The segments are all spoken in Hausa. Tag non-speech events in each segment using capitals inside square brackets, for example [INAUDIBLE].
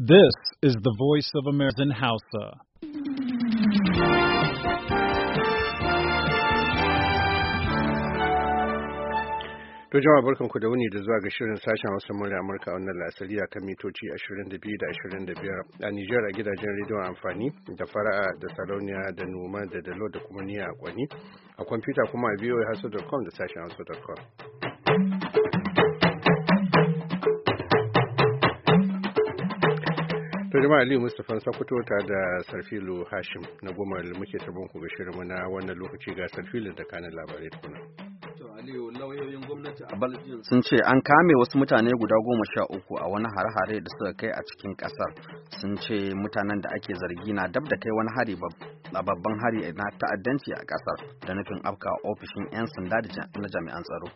This is the voice of American Hausa. To jama'a barkanku da wuni da zuwa ga shirin sashen Hausa murya Amurka wannan lasari a kan mitoci 22 da 25 a Nijar a gidajen rediyon amfani da fara'a da sarauniya da noma da dalo da kuma niya a kwani a kwamfuta kuma a voahausa.com da sashen hausa.com. Karima Aliyu Mustapha Sokoto ta da Sarfilu Hashim na goma muke tabon ku shirinmu na wannan lokaci ga Sarfilu da kanin labarai tukuna. Aliyu lauyoyin gwamnati a sun ce an kame wasu mutane guda goma sha uku a wani hare-hare da suka kai a cikin kasar sun ce mutanen da ake zargi na dab da kai wani hari a babban hari na ta'addanci a kasar da nufin afka ofishin 'yan sanda da jami'an tsaro.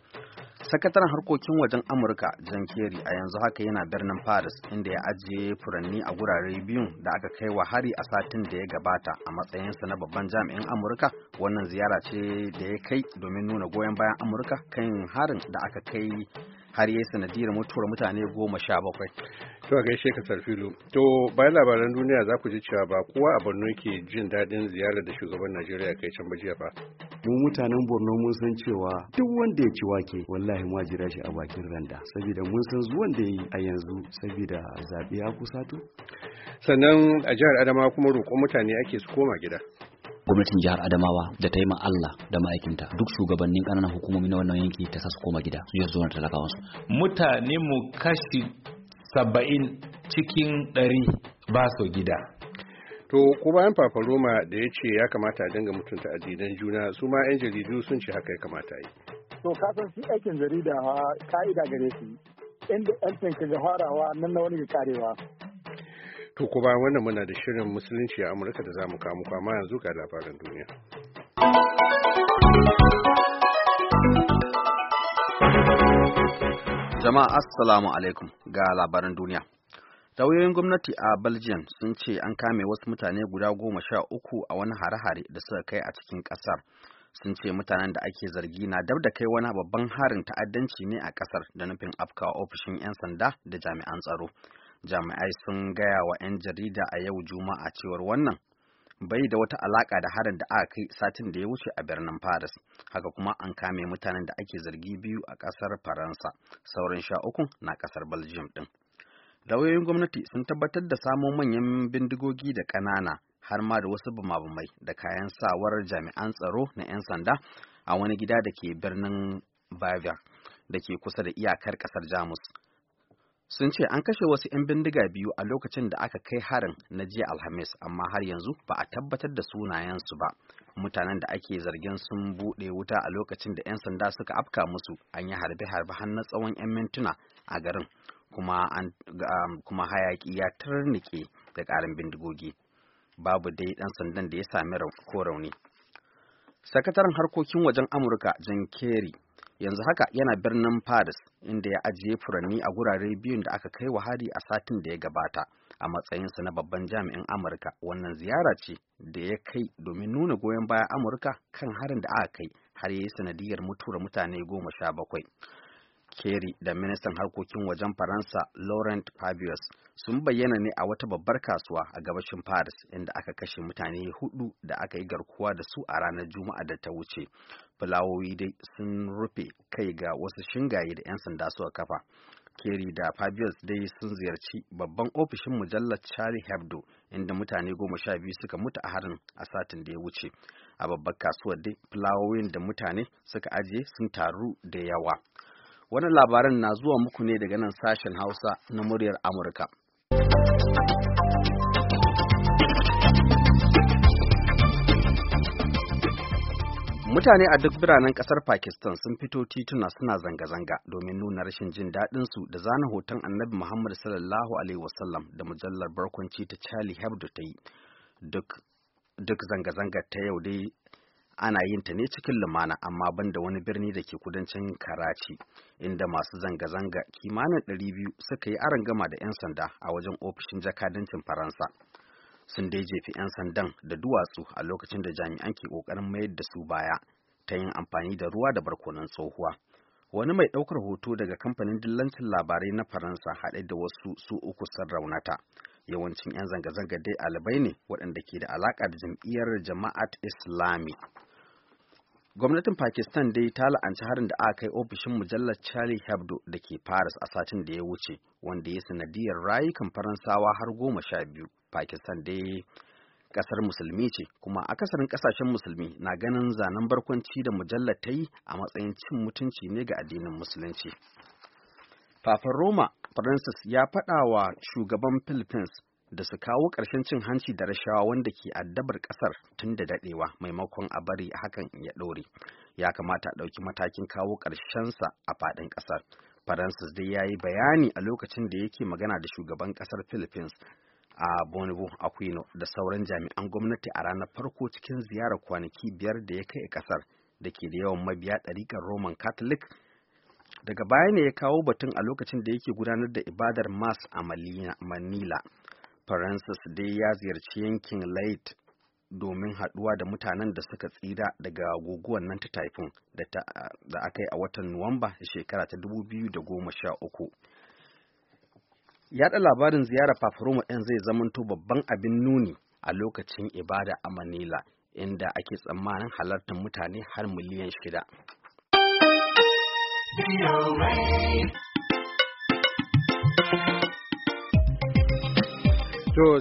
sakataren harkokin wajen amurka john kerry a yanzu haka yana birnin paris inda ya ajiye furanni a gurare biyun da aka kai wa hari a satin da ya gabata a matsayinsa na babban jami'in amurka wannan ziyara ce da ya kai domin nuna goyon bayan amurka kan harin da aka kai har yi sanadiyar mutuwar mutane goma sha bakwai. To a gaishe ka sarfilu. To bayan labaran duniya za ku ji cewa ba kowa a Borno ke jin daɗin ziyarar da shugaban Najeriya kai can ba jiya Mu mutanen Borno mun san cewa duk wanda ya ci wake wallahi ma jira shi a bakin randa saboda mun san zuwan da yi a yanzu saboda zaɓe ya kusa to. Sannan a jihar Adamawa kuma roƙon mutane ake su koma gida. gwamnatin jihar Adamawa da ta yi ma Allah da ma'aikinta duk shugabannin ƙananan hukumomi na wannan yanki ta su koma gida su yi zuwa talakawa su mutane mu kashi saba'in cikin ɗari ba su gida to ko bayan papa roma da ya ce ya kamata a dinga mutunta addinan juna su ma 'yan jaridu sun ce haka ya kamata yi to san shi aikin jarida ka'ida gare su inda 'yancin ka ga farawa nan na wani ga karewa To kuma wannan muna da shirin musulunci a Amurka da zamu kawo muku amma yanzu ga labaran duniya. Jama'a assalamu alaikum ga labaran duniya. Lauyoyin gwamnati a Belgium sun ce an kame wasu mutane guda goma sha uku a wani hare-hare da suka kai a cikin ƙasar. Sun ce mutanen da ake zargi na dab da kai wani babban harin ta'addanci ne a ƙasar da nufin afkawa ofishin 'yan sanda da jami'an tsaro. jami'ai sun gaya wa 'yan jarida a yau juma'a cewar wannan bai da wata alaka da harin da aka kai satin da ya wuce a birnin paris haka kuma an kame mutanen da ake zargi biyu a kasar faransa sauran sha uku na kasar belgium din lauyoyin gwamnati sun tabbatar da samo manyan bindigogi da ƙanana har ma da wasu bumabumai da kayan sawar jami'an tsaro na 'yan sanda a wani gida da ke birnin bavia da ke kusa da iyakar kasar jamus sun ce an kashe wasu 'yan bindiga biyu a lokacin da aka kai harin na jiya alhamis amma har yanzu ba a tabbatar da sunayensu ba mutanen da ake zargin sun buɗe wuta a lokacin da 'yan sanda suka afka musu an yi harbe-harbe har na tsawon 'yan mintuna a garin kuma, um, hayaki ya tarnike da ƙarin bindigogi babu dai ɗan sandan da ya sami ko rauni sakataren harkokin wajen amurka jan kerry yanzu haka yana birnin paris inda ya ajiye furanni a gurare biyun da aka kai wa hari a satin da ya gabata a matsayinsa na babban jami'in amurka wannan ziyara ce da ya kai domin nuna goyon bayan amurka kan harin da aka kai har ya yi sanadiyar mutuwar mutane goma sha bakwai Kerry da ministan harkokin wajen Faransa Laurent Fabius sun bayyana ne a wata babbar kasuwa a gabashin Paris inda aka kashe mutane hudu da aka yi garkuwa da su a ranar Juma'a da ta wuce. Fulawoyi dai sun rufe kai ga wasu shingaye da 'yan sanda suka kafa. Kerry da Fabius dai sun ziyarci babban ofishin mujallar Charlie Hebdo inda mutane goma sha biyu suka mutu a harin a satin da ya wuce. A babbar kasuwar dai fulawoyin da mutane suka ajiye sun taru da yawa. Wani labarin na zuwa muku ne daga nan sashen Hausa na muryar Amurka. Mutane a duk biranen kasar Pakistan sun fito tituna suna zanga-zanga domin nuna rashin jin daɗinsu da zana hoton annabi Muhammad sallallahu Alaihi wasallam da mujallar barkwanci ta Charlie Hebdo ta yi. Duk zanga zanga ta yau dai ana yin ta ne cikin lumana amma banda wani birni da ke kudancin karachi inda masu zanga-zanga kimanin 200 suka yi aron gama da 'yan sanda a wajen ofishin jakadancin faransa sun dai jefi 'yan sandan da duwatsu a lokacin da jami'an ke ƙoƙarin mayar da su baya ta yin amfani da ruwa da barkonan tsohuwa wani mai ɗaukar hoto daga kamfanin dillancin labarai na faransa haɗe da wasu su uku sun raunata yawancin 'yan zanga-zanga dai alibai ne waɗanda ke da alaƙa da jam'iyyar jama'at islami gwamnatin pakistan dai ta la'anci harin da aka kai ofishin mujallar charlie hebdo da ke paris a satin da ya wuce wanda ya sanadiyar rayukan faransawa har goma sha biyu pakistan dai kasar musulmi ce kuma akasarin kasashen musulmi na ganin zanen barkwanci da mujallar ta yi a matsayin cin mutunci ne ga addinin musulunci Fafin Roma francis ya faɗa wa shugaban philippines da su kawo ƙarshen cin hanci da rashawa wanda ke addabar ƙasar tun da daɗewa maimakon a bari hakan ya ɗore ya kamata a ɗauki matakin kawo ƙarshensa a faɗin ƙasar Francis dai ya yi bayani a lokacin da yake magana da shugaban ƙasar philippines a Bonibu aquino da sauran jami'an gwamnati a ranar farko cikin ziyarar kwanaki biyar da ya kai ƙasar da ke da yawan mabiya ɗariƙar roman catholic daga baya ne ya kawo batun a lokacin da yake gudanar da ibadar mas a manila francis dai ya ziyarci yankin Light domin haɗuwa da mutanen da suka tsira daga guguwan nan ta taifin da aka yi a watan nuwamba shekara ta 2013 yaɗa labarin ziyarar paparoma ɗin zai zamanto babban abin nuni a lokacin ibada a manila inda ake tsammanin halartar mutane har miliyan shida To,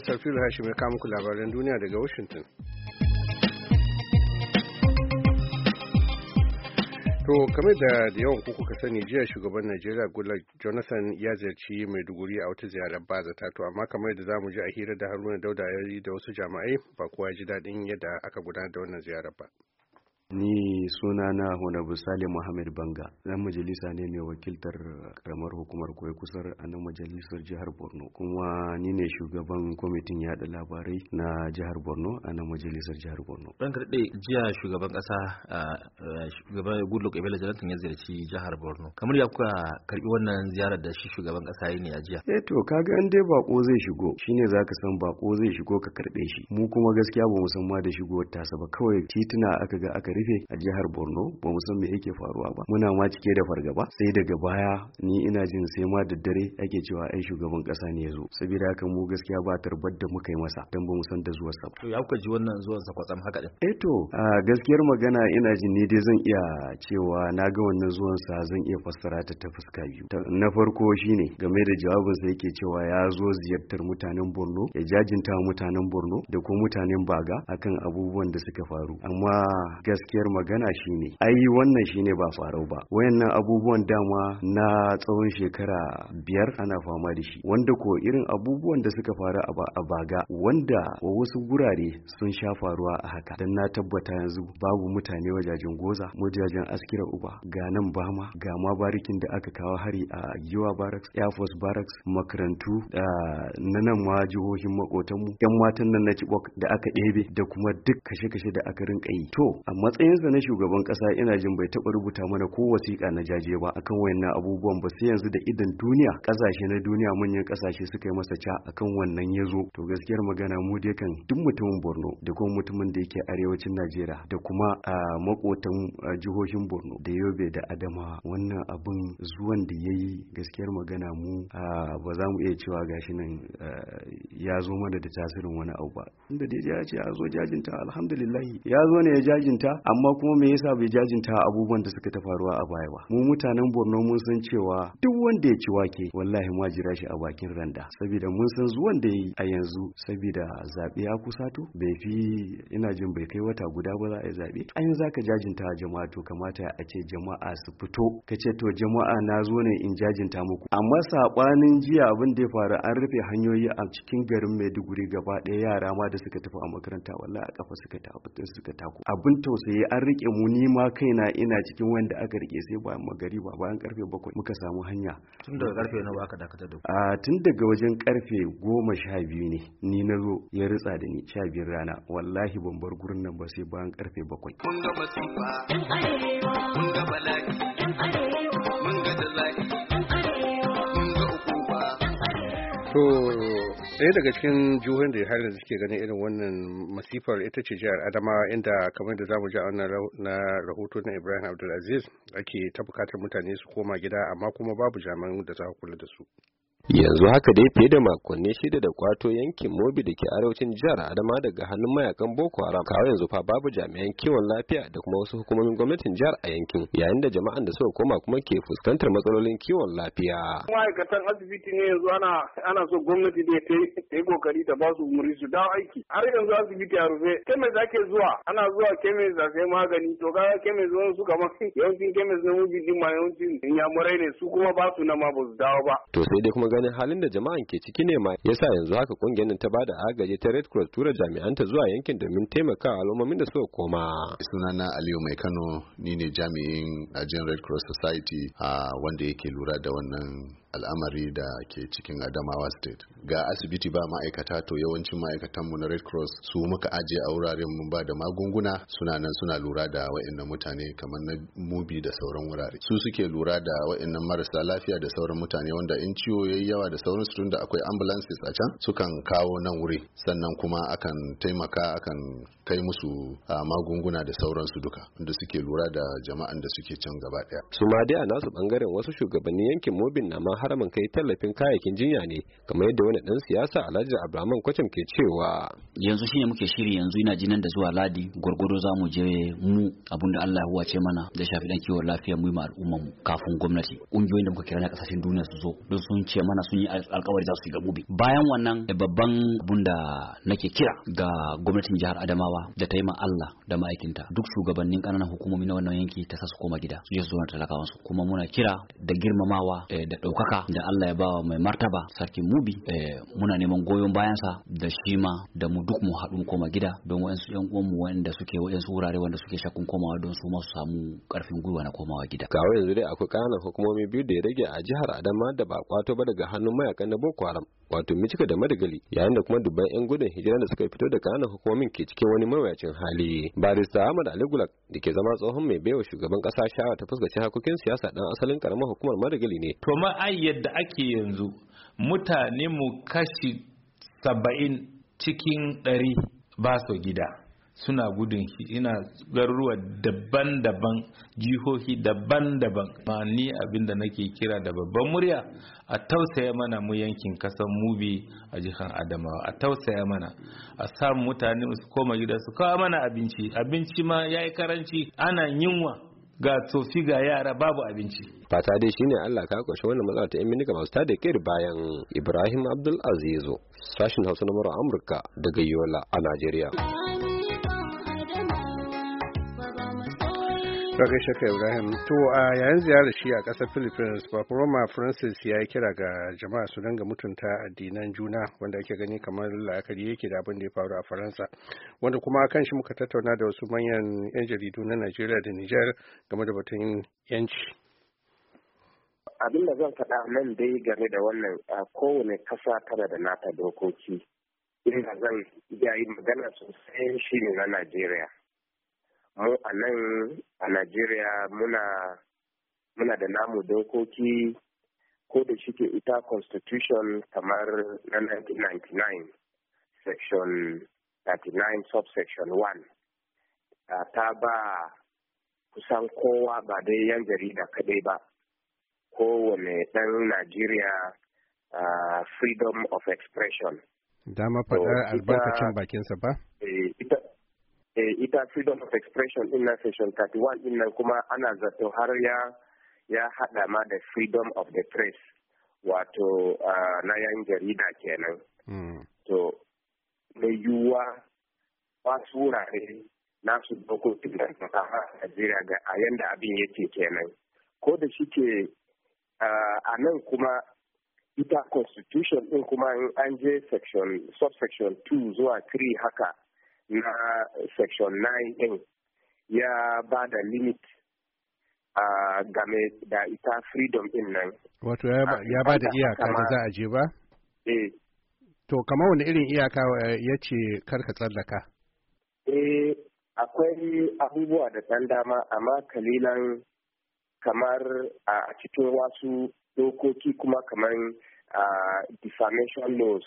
Safiru Hashim ya muku labaran duniya daga Washington. To, kame da da yawan kuku ka sani jiya shugaban Najeriya Goodluck Jonathan ya ziyarci Maiduguri a wata ziyarar bazata to amma kamar da zamu ji a hira da Haruna Dauda ya yi da wasu jama'ai ba kowa ji daɗin yadda aka gudanar da wannan ziyarar ba. Ni suna na honabu Salim Muhammad Banga, dan majalisa ne mai wakiltar karamar hukumar koyi kusar a nan majalisar jihar Borno. Kuma ni ne shugaban kwamitin yaɗa labarai na jihar Borno a nan majalisar jihar Borno. dan karɗe jiya shugaban ƙasa a shugaban Goodluck Ebele Jonathan ya ziyarci jihar Borno. Kamar ya kuka karɓi wannan ziyarar da shi shugaban ƙasa ya ne a jiya. Eh to kaga in dai bako zai shigo shine zaka san bako zai shigo ka karɓe shi. Mu kuma gaskiya ba mu san ma da shigo ta ba kawai tituna aka ga aka karfe a jihar borno ba mu san me yake faruwa ba muna ma cike da fargaba sai daga baya ni ina jin sai ma da dare ake cewa ai shugaban kasa ne ya zo saboda haka mu gaskiya ba tarbar da muka yi masa dan ba mu san da zuwar sa to ya kuka ji wannan zuwan sa kwatsam haka din eh to gaskiyar magana ina jin ni dai zan iya cewa na ga wannan zuwan sa zan iya fassara ta ta fuska biyu na farko shine game da jawabin sa yake cewa ya zo ziyartar mutanen Borno ya jajinta mutanen Borno da ko mutanen Baga akan abubuwan da suka faru amma gas gaskiyar magana shine ai wannan shine ba farau ba wayannan abubuwan dama na tsawon shekara biyar ana fama da shi wanda ko irin abubuwan da suka faru a baga wanda wasu gurare sun sha faruwa a haka dan na tabbata yanzu babu mutane wajajen goza wajajen askira uba ga nan bama ga ma barikin da aka kawo hari a giwa barracks air force barracks makarantu na nan ma jihohin makotanmu yan matan nan na cibok da aka ɗebe da kuma duk kashe-kashe da aka rinka yi to a matsayinsa na shugaban kasa ina jin bai taba rubuta mana ko wasiƙa na jaje ba akan wayannan abubuwan ba sai yanzu da idan duniya kasashe na duniya manyan kasashe suka yi masa ca akan wannan ya zo to gaskiyar magana mu dai kan duk mutumin borno da kuma mutumin da yake arewacin najeriya da kuma a makotan jihohin borno da yobe da adama wannan abin zuwan da ya yi gaskiyar magana mu ba za mu iya cewa gashi nan ya zo mana da tasirin wani abu ba inda dai ya ce ya zo jajinta alhamdulillah ya zo ne ya jajinta amma kuma me yasa bai jajinta abubuwan da suka ta faruwa a baya ba mu mutanen Borno mun san cewa duk wanda ya ci wake wallahi ma jira shi a bakin randa saboda mun san zuwan da yi a yanzu saboda zabe ya kusato bai fi ina jin bai kai wata guda ba za a yi zabe yanzu zaka jajinta jama'a to kamata a ce jama'a su fito ka ce to jama'a na zo ne in jajinta muku amma sabanin jiya abin da ya faru an rufe hanyoyi a cikin garin Maiduguri gaba ɗaya yara ma da suka tafi a makaranta wallahi a kafa suka tafi suka tako abin tausayi tsaye eh, an rike mu ni ma kaina ina cikin wanda aka rike sai ba magari ba bayan karfe bakwai muka samu hanya tun daga karfe nawa aka dakatar da a ah, tun daga wajen karfe goma sha biyu ne ni na zo ya ritsa da ni sha biyar rana wallahi ban bar gurin nan ba sai bayan karfe bakwai mun ga masifa mun ga bala'i mun ga mun ga ukuba to ɗaya daga cikin juhun da har da suke ganin irin wannan masifar ita ce jihar adamawa inda kamar da zamu ji a wannan na rahoto na ibrahim abdulaziz ake ta bukatar mutane su koma gida amma kuma babu jami'an da za ku kula da su yanzu haka dai fiye da makonni shida da kwato yankin mobi da ke arewacin jihar adama daga hannun mayakan boko haram kawo yanzu fa babu jami'an kiwon lafiya da kuma wasu hukumomin gwamnatin jihar a yankin yayin da jama'an da suka koma kuma ke fuskantar matsalolin kiwon lafiya ma'aikatan asibiti ne yanzu ana ana so gwamnati da ta yi kokari ta ba su muri su dawo aiki har yanzu asibiti a rufe kemis ake zuwa ana zuwa kemis a sai magani to kaga kemis wani su kamar [LAUGHS] yawancin kemis na mobi din ma yawancin yamurai ne su kuma ba su na ba su dawo ba to sai dai kuma ganin halin da jama'an ke ciki ne ma yasa yanzu haka kungiyar ta ba da agaji ta Red Cross tura jami'anta zuwa yankin domin taimakawa al'ummomin da suka koma. Sunana Aliyu Mai Kano ni ne jami'in ajin Red Cross Society a wanda yake lura da wannan al'amari da ke cikin adamawa state ga asibiti ba ma'aikata to yawancin ma'aikatanmu na red cross su muka ajiye a wuraren mun ba da magunguna suna nan suna lura da wa'annan mutane kamar na mubi da sauran wurare su suke lura da wa'annan marasa lafiya da sauran mutane wanda in ciwo yayi yawa da sauran su tunda akwai ambulances a can sukan kawo nan wuri sannan kuma akan taimaka akan kai musu magunguna da sauran su duka da suke lura da jama'an da suke can gaba daya su ma dai a nasu bangaren wasu shugabannin yankin mobin na ma haramin kai tallafin kayayyakin jinya ne kamar yadda wani dan siyasa Alhaji Abraman Kwacham ke cewa yanzu shine muke shiri yanzu ina jinan da zuwa Ladi gurguru za mu je mu abinda Allah ya wace mana da shafi dan kiwon lafiya mu ma al'umman mu kafin gwamnati kungiyoyin da muka kira na kasashen duniya su zo don sun ce mana sun yi alkawari za su ga gobe bayan wannan eh, babban abun da nake kira ga gwamnatin jihar Adamawa da ta yi ma Allah da ma'aikinta duk shugabannin kananan hukumomi na wannan yanki ta sa su koma gida su je su zo na talakawansu kuma muna kira da girmamawa eh, da ɗaukaka doka da Allah ya bawa mai martaba sarki mubi eh, muna neman goyon bayansa da shi ma da mu duk mu haɗu mu koma gida don wayansu yan uwan mu wanda suke wayansu wurare wanda suke shakkun komawa don su ma su samu karfin gwiwa na komawa gida kawo yanzu dai akwai kananan hukumomi biyu da ya rage a jihar Adama da ba kwato ba daga hannun mayakan na Boko Haram wato Micika da Madagali yayin da kuma dubban yan gudun hijira da suka fito da kananan hukumomin ke cikin wani mawuyacin hali barista Ahmad Ali Gulak da ke zama tsohon mai baiwa shugaban kasa shawara ta fuskaci harkokin siyasa dan asalin karamar hukumar Madagali ne to ma ai yadda ake yanzu mutane mu kashi saba'in cikin ɗari ba su gida suna gudun ina garuruwa daban-daban jihohi daban-daban ma ni abinda nake kira da babban murya a tausaya mana mu yankin kasan mubi a jihar adamawa a tausaya mana a samu mutane su koma gida su kawo mana abinci abinci ma ya yi karanci ana yinwa ga tofi ga yara babu abinci fata dai shine Allah ka kwashe wannan matsala ta yan masu tada kiri bayan Ibrahim Abdul Azizu Hausa na Amurka daga Yola a Najeriya Ba gaishe ka Ibrahim. To a yayin ziyarar shi a ƙasar Philippines, Roma Francis ya yi kira ga jama'a su dinga mutunta addinan juna wanda ake gani kamar la'akari yake da abin da ya faru a Faransa. Wanda kuma kan shi muka tattauna da wasu manyan 'yan jaridu na Najeriya da niger game da batun 'yanci. Abin da zan faɗa nan dai game da wannan a kowane kasa tana da nata dokoki. Inda zan iya yi magana sosai shi ne na Najeriya. mu a nan a najeriya muna muna da namu dokoki ko da shike ita constitution kamar na 1999 section 39 subsection 1 ta ba kusan kowa ba dai yan jarida kadai ba kowane ɗan najeriya Uh, freedom of expression. Dama faɗar albarkacin bakinsa ba? Eh, Eh, ita freedom of expression din nan section 31 din nan kuma ana zato har ya ya hada ma da freedom of the press wato na yan jarida kenan hmm. to mai yiwuwa wasu wurare nasu dokokin da a Najeriya ga a yanda abin yake kenan ko da shike a nan kuma ita constitution din kuma an je section subsection 2 zuwa 3 haka na section 9 ya ba da limit a game da ita freedom in nan. Wato ya ba da iyaka da za a je ba? Eh. To, kamar wani irin iyaka eh, ya ce karka tsallaka? Eh, akwai abubuwa da ɗan dama, amma kalilan kamar a cikin wasu dokoki kuma kamar defamation laws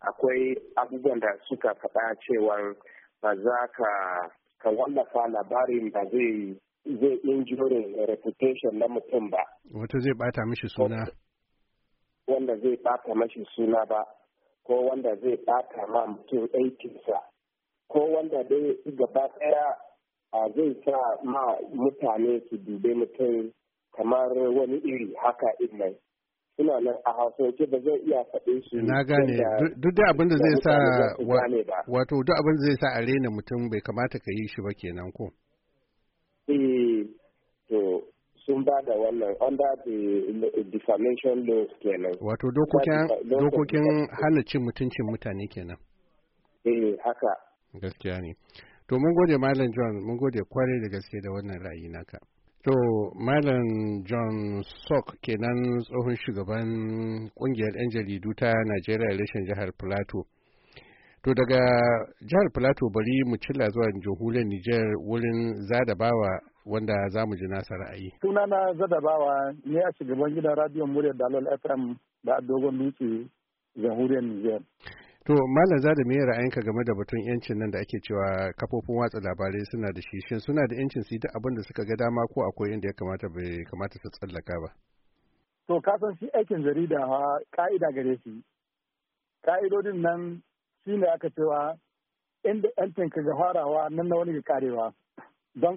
akwai abubuwan da suka faɗa cewa ba za ka ka wallafa labarin ba zai zai injurin reputation na mutum ba. Wato zai bata mishi suna. Wanda zai bata mashi suna ba, ko wanda zai bata ma mutum aikinsa, ko wanda dai gaba ɗaya zai sa ma mutane su dube mutum kamar wani iri haka in suna nan a hausance ba zai iya faɗe su. na gane duk da abin da zai sa wato duk abin da zai sa a rena mutum bai kamata ka yi shi ba kenan ko eh to sun ba da wannan under the defamation law kenan wato dokokin hana cin mutuncin mutane kenan eh haka gaskiya ne to mun gode malam john mun gode kwarai da gaske da wannan ra'ayi naka To, Malam John Sok kenan tsohon shugaban kungiyar 'yan jaridu ta Najeriya rashin jihar Plateau. To daga jihar Plateau bari mu cilla zuwa jamhuriyar Nijar wurin zadabawa wanda za mu ji nasa ra'ayi. Sunana zadabawa ne a shugaban gidan radiyon muryar Dalol FM da dogon dutse jamhuriyar Nijar. To Malam Zada me ra'ayinka game da batun yancin nan da ake cewa kafofin watsa labarai suna da shi suna da yancin su duk abin da suka ga dama ko akwai inda ya kamata bai kamata su tsallaka ba. To ka san shi aikin jarida ha ka'ida gare shi. Ka'idodin nan shi ne aka cewa inda yancin ka ga farawa nan na wani ga karewa. Don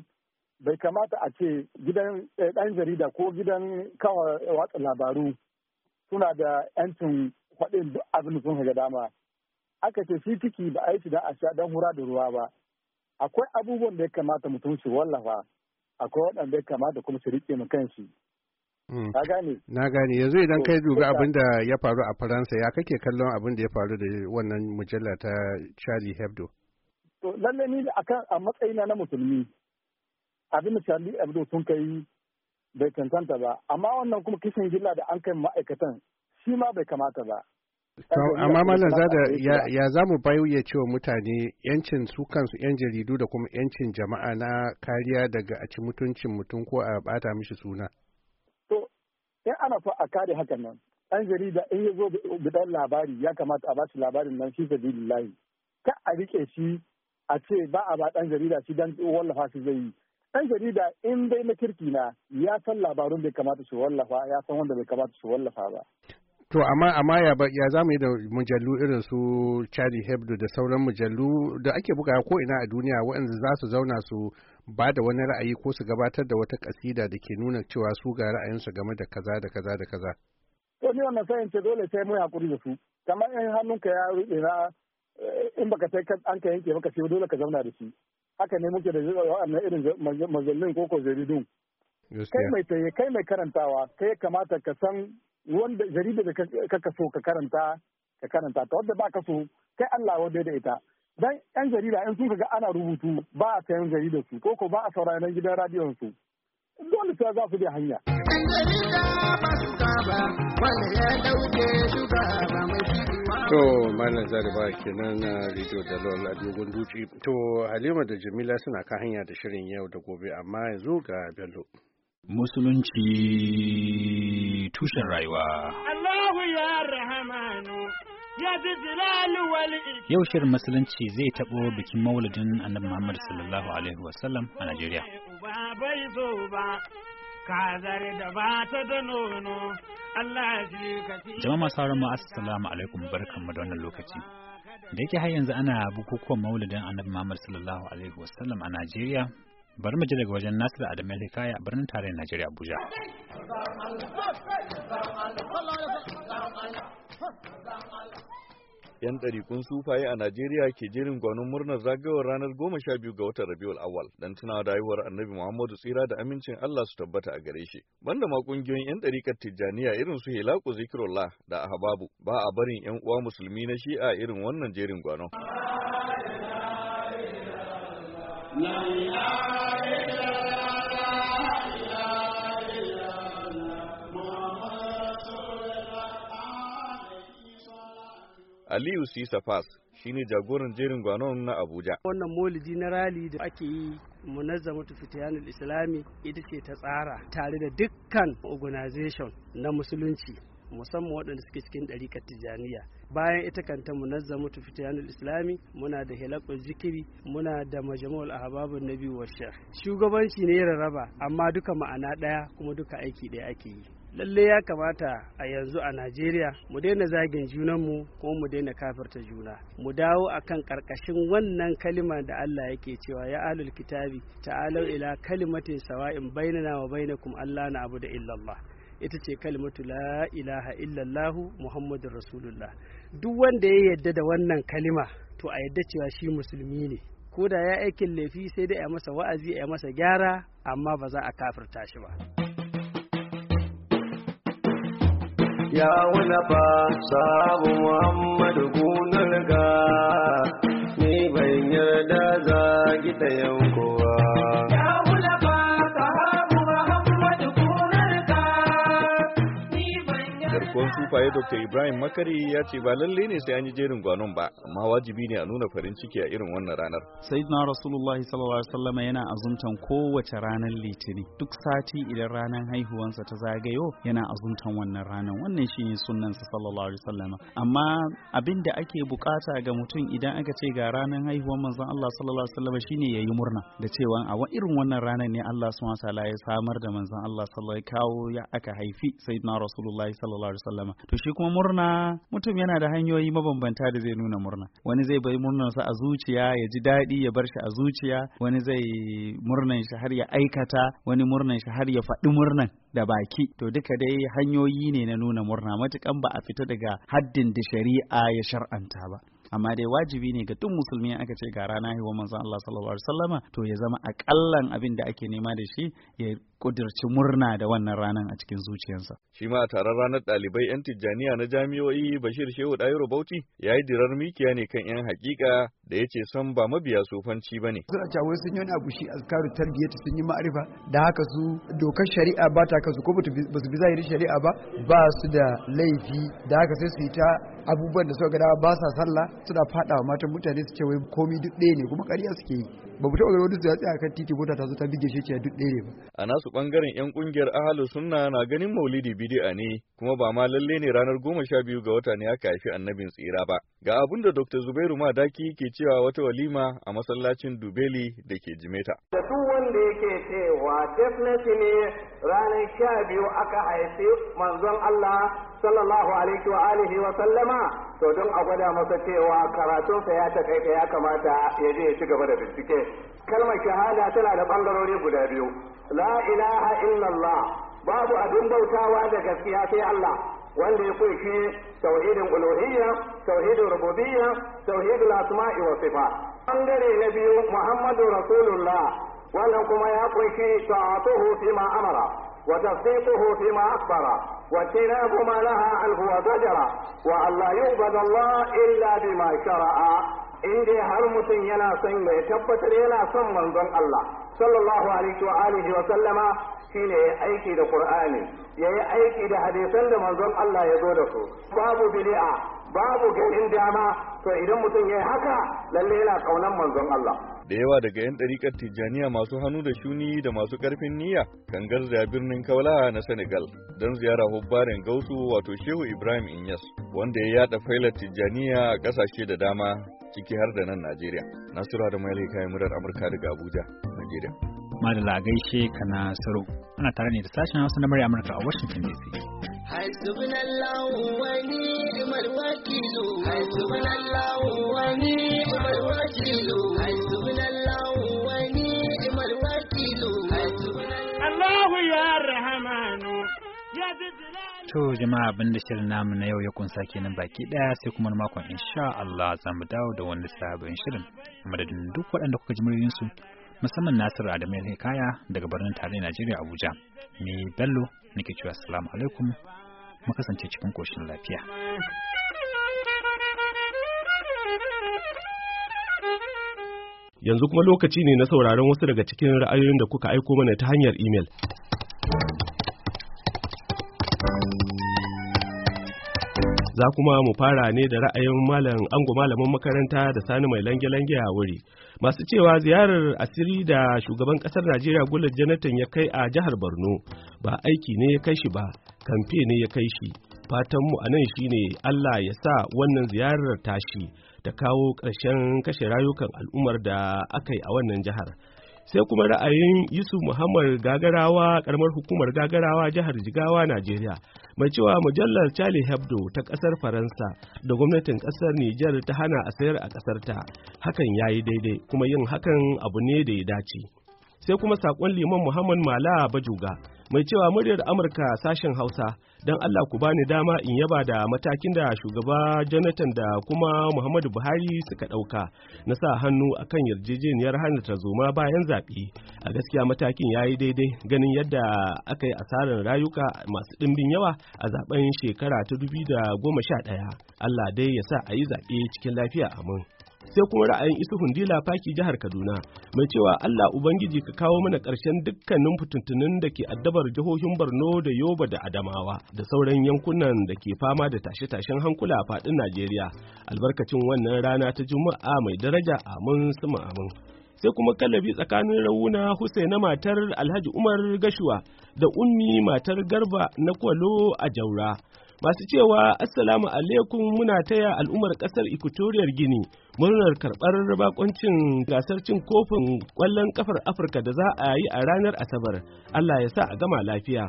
bai kamata a ce gidan eh, ɗan jarida ko gidan kawa watsa labaru suna da yancin faɗin duk abin sun ga dama. aka ce shi ciki ba a yi shi a sha dan hura da ruwa ba akwai abubuwan da ya kamata mutum su wallafa akwai waɗanda ya kamata kuma su riƙe mu kanshi hmm. Na gane. Na gane yanzu idan kai dubi abin da ya faru a Faransa ya kake kallon abin da ya faru da wannan mujalla ta Charlie Hebdo. To lalle ni akan a matsayina na musulmi abin da Charlie Hebdo sun kai bai cancanta ba amma wannan kuma kishin gilla da an kai ma'aikatan shi ma bai kamata ba. amma malam zada ya za mu ya cewa mutane yancin su kansu yan jaridu da kuma yancin jama'a na kariya daga a ci mutuncin mutum ko a bata mishi suna to sai ana fa a kare hakan nan ɗan jarida in ya zo bidan labari ya kamata a bashi labarin nan shi sabilillahi ka a rike shi a ce ba a ba ɗan jarida shi dan wallafa shi zai yi ɗan jarida in dai na kirki na ya san labarun bai kamata su wallafa ya san wanda bai kamata su wallafa ba To amma amma ya ba ya zamu yi da mujallu irin su Charlie Hebdo da sauran mujallu da ake buga ko ina a duniya waɗanda za su zauna su ba da wani ra'ayi ko su gabatar da wata kasida da ke nuna cewa su ga ra'ayinsu game da kaza da kaza da kaza. To ni wannan sayin dole sai mu hakuri da su. Kamar in hannunka ya rufe na eh, in baka sai an ka yanke maka sai dole ka zauna da shi. Haka ne muke da waɗannan irin mazallin ko ko zaridun. Kai mai kai mai karantawa kai kamata ka san wanda jarida da kaka so ka karanta ka karanta ta wadda baka so kai Allah wa da ita dan yan jarida in sun ga ana rubutu ba a sayan jaridar su ko ko ba a sauraron gidan radiyon su dole sai za su bi hanya to malam zariba kenan na rediyo da lol a dogon duci to halima da jamila suna kan hanya da shirin yau da gobe amma yanzu ga bello Musulunci tushen rayuwa. Allahu ya rahamanu ya Yau shirin Musulunci zai taɓo bikin mauladin Annabi Muhammad sallallahu Alaihi wasallam a Najeriya. bai zo ba, kazar da ba ta da nono, Allah Jama'a masu mu assalamu alaikum barkanmu da wannan lokaci. Da yake har yanzu ana bukukuwan mauladin Annabi Muhammad sallallahu Alaihi wasallam a Najeriya, bari mu ji daga wajen Nasiru Adamu kaya a birnin tarayyar Najeriya Abuja. yan ɗariƙun sufaye a Najeriya ke jerin gwanon murnar zagayowar ranar goma sha biyu ga watan Rabiul Awwal don tunawa da haihuwar Annabi Muhammadu tsira da amincin Allah su tabbata a gare shi. Banda ma ƙungiyoyin yan ɗariƙar Tijjaniya irin su Hilaku Zikirullah da Ahbabu ba a barin yan uwa musulmi na Shi'a irin wannan jerin gwanon. Aliyu Sisa shi ne jagoran jerin gwanon na Abuja. Wannan molidi na rali da ake yi mutu fitiyanul islami ita ce ta tsara tare da dukkan organization na musulunci musamman waɗanda suke cikin ɗarikar tijaniya. bayan ita kanta mutu fitiyanul islami muna da hilakul zikiri muna da majmu'ul na biyu wa shugabanci ne ya raba, amma duka ma'ana ɗaya kuma duka aiki ɗaya ake yi lalle ya kamata a yanzu a najeriya mu daina zagin mu ko mu daina kafirta juna mu dawo akan karkashin wannan kalima da allah yake cewa ya alul kitabi ta'alau ila kalimatin sawa'in bainana wa bainakum allah na abu da illallah ita ce kalimatu la ilaha illallah muhammadur rasulullah duk wanda ya yadda da wannan kalima to a yadda cewa shi musulmi ne ko da ya aikin laifi sai dai a masa wa'azi a masa gyara amma ba za a kafirta shi ba. ya wani fa sabu muhammadu gunar ga ni ban yarda za gita yankowa Shugaban sufaye Dr. Ibrahim Makari ya ce ba lalle ne sai an yi jerin gwanon ba, amma wajibi ne a nuna farin ciki a irin wannan ranar. Sayyidina Rasulullah sallallahu alaihi wasallam yana azumtan kowace ranar Litinin. Duk sati idan ranar haihuwansa ta zagayo yana azumtan wannan ranar. Wannan shine sa sallallahu alaihi wasallam. Amma abin da ake bukata ga mutum idan aka ce ga ranar haihuwar manzon Allah sallallahu alaihi wasallam shine yayi murna da cewa a irin wannan ranar ne Allah subhanahu wa ta'ala ya samar da manzon Allah sallallahu alaihi wasallam kawo ya aka haifi Sayyidina Rasulullah sallallahu alaihi wasallam sallama to shi kuma murna mutum yana da hanyoyi mabambanta da zai nuna murna wani zai bai murnarsa a zuciya ya ji daɗi ya bar shi a zuciya wani zai murnan shi har ya aikata wani murnan shi har ya faɗi murnan da baki to duka dai hanyoyi ne na nuna murna matukan ba a fita daga haddin da shari'a ya shar'anta ba amma dai wajibi ne ga duk musulmi aka ce ga rana haihuwar manzon Allah sallallahu alaihi wasallama to ya zama akallan abin da ake nema da shi ya kudirci murna da wannan ranar a cikin zuciyarsa. Shi ma a taron ranar ɗalibai 'yan Tijjaniya na jami'o'i Bashir Shehu Ɗayiro Bauchi ya yi dirar mikiya ne kan 'yan hakika da ya ce san ba mabiya sufanci ba ne. Suna cewa sun yi wani abu azkaru tarbiyyatu sun yi ma'arifa da haka su dokar shari'a ba ta kasu ko ba su bi zahirin shari'a ba ba su da laifi da haka sai su yi ta abubuwan da suka ga ba sa sallah suna faɗawa matan mutane su ce wai komi duk ɗaya ne kuma ƙarya suke yi ba mu taɓa wani zuwa tsaya kan titi mota ta zo ta bige shi ce duk ɗaya ba. A nasu ɓangaren 'yan kungiyar ahalu sunna na ganin maulidi bidi'a ne kuma ba ma lalle ne ranar goma sha biyu ga wata ne aka haifi annabin tsira ba. Ga abin da Dr. Zubairu Madaki ke cewa wata walima a masallacin Dubeli da ke Jimeta. Da duk wanda yake cewa definitely ne ranar sha biyu aka haifi manzon Allah sallallahu alaihi wa alihi wa sallama to don a gwada masa cewa karatunsa ya ta kai takaita ya kamata ya je ya ci gaba da bincike kalmar shahada tana da bangarori guda biyu la ilaha illallah babu abin bautawa da gaskiya sai Allah wanda ya kunshi tauhidin uluhiyya tauhidin rububiyya tauhidul asma'i wa sifat bangare na biyu muhammadu rasulullah wannan kuma ya kunshi ta'atuhu fi ma amara وتصديقه فيما أخبر واجتناب ما نهى عنه وزجر وأن لا يعبد الله إلا بما شرع عندي هر مسن ينا سن شبت ليلا سن ظن الله صلى الله عليه وآله وسلم شين أيكي دا قرآني يأيكي دا حديثا من ذن الله يدودك باب بلئة babu ganin dama to idan mutum ya yi haka lalle yana kaunan manzon Allah da yawa daga 'yan ɗariƙar tijjaniya masu hannu da shuni da masu ƙarfin niyya kan garzaya birnin kaula na senegal don ziyara hubbarin gausu wato shehu ibrahim inyas wanda ya yada failar tijjaniya a ƙasashe da dama ciki har da nan najeriya nasura da mai kayan murar amurka daga abuja najeriya madala gaishe na saro ana tare ne da sashen hausa na murya amurka a washington dc wa To jama'a abinda shirin namu na yau ya kunsa kenan baki daya sai kuma makon insha Allah za mu dawo da wani sabon shirin madadin duk waɗanda kuka ji muryoyinsu musamman Nasiru Adamu ya kaya daga birnin tarayyar Najeriya Abuja ni Bello nake cewa assalamu alaikum mu kasance cikin koshin lafiya. Yanzu kuma lokaci ne na sauraron wasu daga cikin ra'ayoyin da kuka aiko mana ta hanyar imel. Za kuma mu fara ne da ra'ayin malam ango malamin makaranta da sani mai lange-lange a wuri. Masu cewa ziyarar asiri da shugaban kasar Najeriya gula Jonathan ya kai a jihar Borno ba aiki ne ya kai shi ba, kamfe ne ya kai shi. Fatanmu a nan ne Allah ya sa wannan ziyarar tashi. ta kawo ƙarshen kashe rayukan al'ummar da aka yi a wannan jihar sai kuma ra'ayin yusuf muhammad gagarawa karamar hukumar gagarawa jihar jigawa najeriya mai cewa mujallar charlie hebdo ta kasar faransa da gwamnatin kasar niger ta hana a sayar a kasar ta hakan ya yi daidai kuma yin hakan abu ne da ya dace sai kuma saƙon liman muhammad mala bajuga mai cewa muryar amurka sashen hausa don allah ku bani dama in yaba da matakin da shugaba jonathan da kuma muhammadu buhari suka ɗauka na sa hannu a kan yarjejeniyar hana tarzoma bayan zaɓe a gaskiya matakin ya yi daidai ganin yadda aka yi asarar rayuka masu ɗimbin yawa a zaben shekara ta goma sha ɗaya. allah dai ya sa a yi zaɓe cikin lafiya amin sai kuma ra'ayin isu Hundila, faki jihar kaduna mai cewa allah ubangiji ka kawo mana ƙarshen dukkanin fitintunin da ke addabar jihohin borno da yoba da adamawa da sauran yankunan da ke fama da tashe-tashen hankula a faɗin najeriya albarkacin wannan rana ta juma'a mai daraja amin sama amin sai kuma kallabi tsakanin rauna na matar alhaji umar gashuwa da ummi matar garba na kwalo a jaura masu cewa assalamu alaikum muna taya al'ummar kasar equatorial gini murnar karɓar bakoncin gasar cin kofin ƙwallon kafar afirka da za a yi a ranar asabar allah ya sa a gama lafiya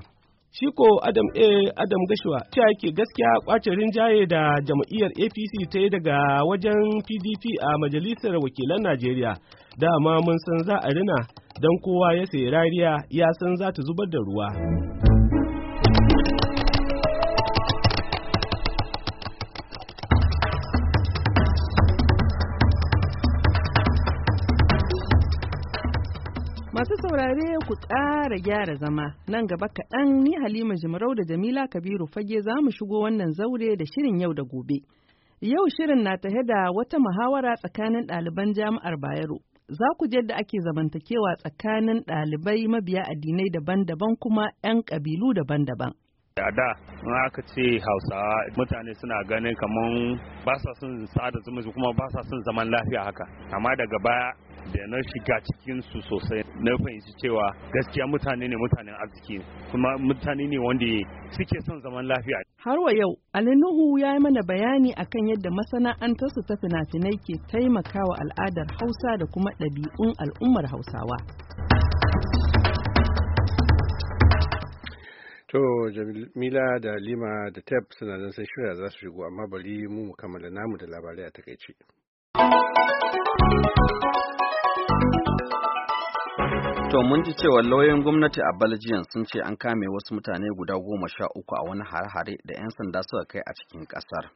Shiko adam a eh, adam gashuwa ta ke gaskiya kwacin rinjaye da jam'iyyar apc ta yi daga wajen pdp a majalisar wakilan najeriya dama mun san za a rina don kowa ya sayi rariya ya san za ta zubar da ruwa tare ku ƙara gyara zama nan gaba kaɗan ni Halima Jimarau da Jamila Kabiru fage za mu shigo wannan zaure da shirin yau da gobe. Yau shirin na tahe da wata muhawara tsakanin ɗaliban jami'ar Bayero. Za ku je da ake zamantakewa tsakanin ɗalibai mabiya addinai daban-daban kuma 'yan ƙabilu daban-daban. a da aka ce hausawa mutane suna ganin kamar ba sa son sada zumunci kuma ba sa son zaman lafiya haka amma daga baya da na shiga cikin su sosai na fahimci cewa gaskiya mutane ne mutanen arziki kuma mutane ne wanda suke son zaman lafiya. Har wa yau, Nuhu ya yi mana bayani akan yadda masana'antarsu ta fina-finai ke taimakawa al'adar Hausa da kuma ɗabi'un al'ummar Hausawa. To Jamila da Lima da Tep suna nan sai shirya za su shigo amma bari mu kammala namu da labarai a takaice. To mun ji cewa lauyoyin gwamnati a Belgium sun ce an kame wasu mutane guda goma sha uku a wani hare-hare da 'yan sanda suka kai a cikin ƙasar.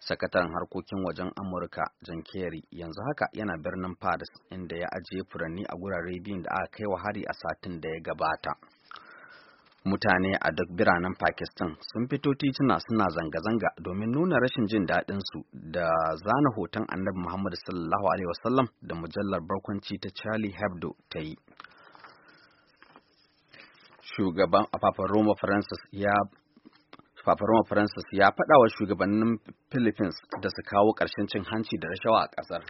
Sakataren harkokin wajen Amurka John Kerry yanzu haka yana birnin Paris inda ya ajiye furanni a gurare biyun da aka kai wa hari a satin da ya gabata. mutane a duk biranen Pakistan sun fito tituna suna zanga-zanga domin nuna rashin jin daɗinsu da zana hoton annabi Muhammad sallallahu Alaihi wasallam da mujallar barkwanci ta Charlie Hebdo ta yi. shugaban Roma Francis ya Fafaroma faɗa wa shugabannin Philippines da su kawo ƙarshen cin hanci da rashawa a ƙasar.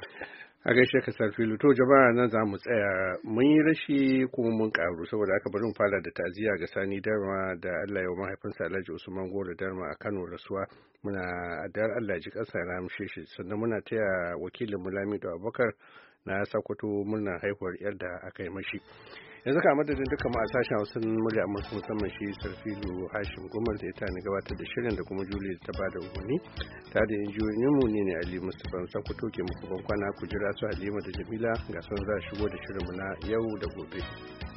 a gaishe ka sarfi to jama'a nan za mu tsaya mun yi rashi kuma mun karu saboda aka bari mu fara da ta'aziyya ga sani darma da Allah ya mahaifinsa Alhaji Usman Gora darma a Kano rasuwa muna addu'ar Allah ji kansa na shi sannan muna taya wakilin mu Lamido Abubakar na Sokoto murnar haihuwar yar da aka yi mashi yanzu ka madadin duka ma a sashen hausa murya amurka musamman shi sarfilu hashim gomar da ita na gabatar da shirin da kuma juli ta ba da umarni ta da injiniyoyin mu ne ne ali mustapha ku toke muku bankwana ku jira su halima da jamila ga son za shigo da shirinmu na yau da gobe.